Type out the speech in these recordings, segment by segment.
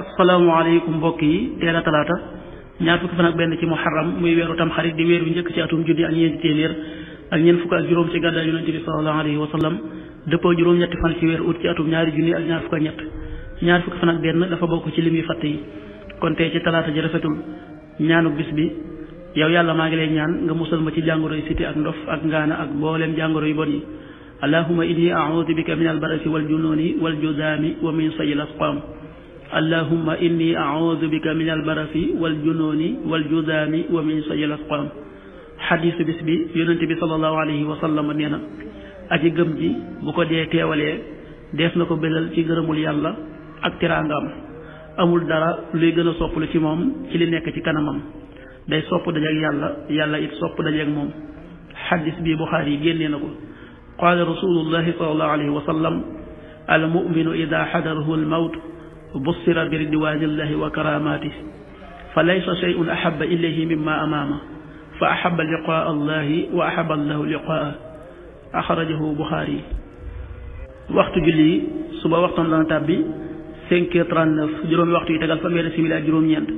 asalaamaaleykum mbokk yi teel a talaata ñaar fukki fan ak benn ci muharram muy weeru tam xarit di weer bi njëkk ci atum junni ak ñeenti téeméer ak ñeent fukk ak juróom ci gàddaay yonent bi sallallahu alayhi wa sallam dëppoo junni ak ñaar fukk ak ñett ñaar fukki fan ak benn dafa bokk ci lim yu fàtt yi kon tey ci talaata ji rafetul ñaanu bis bi yow yàlla maa ngi lay ñaan nga musal ma ci jàngoro yi siti ak ndof ak ngaana ak mbooleem jàngoro yu bon yi allahuma inni aoudu bika min albarasi wal jununi wal judaami wa min sayil asqaam allahumma inni audu bika min albarasi waljunooni waljudaami wa min sayil asqaam xadiisu bis bi yonente bi sallallahu alayhi wa sallam nee na aji gëm ji bu ko dee teewalee dees na ko bélal ci ngërëmul yàlla ak tiraangaam amul dara luy gën a sopplu ci moom ci li nekk ci kanamam day sopp dajeek yàlla yàlla it sopp dajeek moom xadis bi buxaari yi génnee na ko qaala rasulullahi sallallahu alayhi wa sallam al muminu ida xadarahu al mawt bussira bi ridwanillahi wa karamati fa laysa shay'un ahabba ilayhi mimma amaama fa ahabba liqaa allahi wa ahabba allahu a axrajahu buxaari waxtu julli suba waxtaan dana tàbbi cinq heures trente-neuf juróomi waxtu yi tegal fanweeri simili ak juróom-ñeent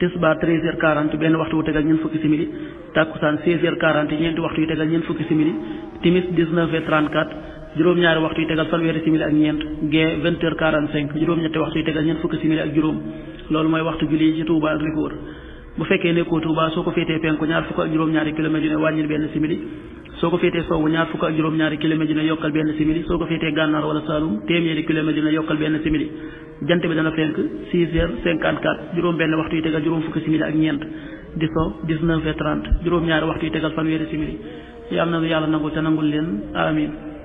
tisbaar treize heures quarante benn waxtu wu tegal ñeent fukki simili tàkkusaan seize heures quarante ñeenti waxtu yu tegal ñeent fukki simili timis dix-neuf juróom-ñaari waxtu yi tegal fanweeri simili ak ñeent gee vingt heures cinq juróom-ñetti waxtu yi tegal ñeent fukki simili ak juróom loolu mooy waxtu julli ci Touba ak li bu fekkee nekkoo Touba soo ko féetee penku ñaar fukk ak juróom-ñaari kilomètres dina wàññil benn simili soo ko féetee sowwu ñaar fukk ak juróom-ñaari kilomètres benn simili soo ko féetee gànnaar wala Saloum téeméeri kilomètres juróom benn waxtu yi tegal juróom fukki simili ak ñeent di so yàlla nangul te nangul leen amin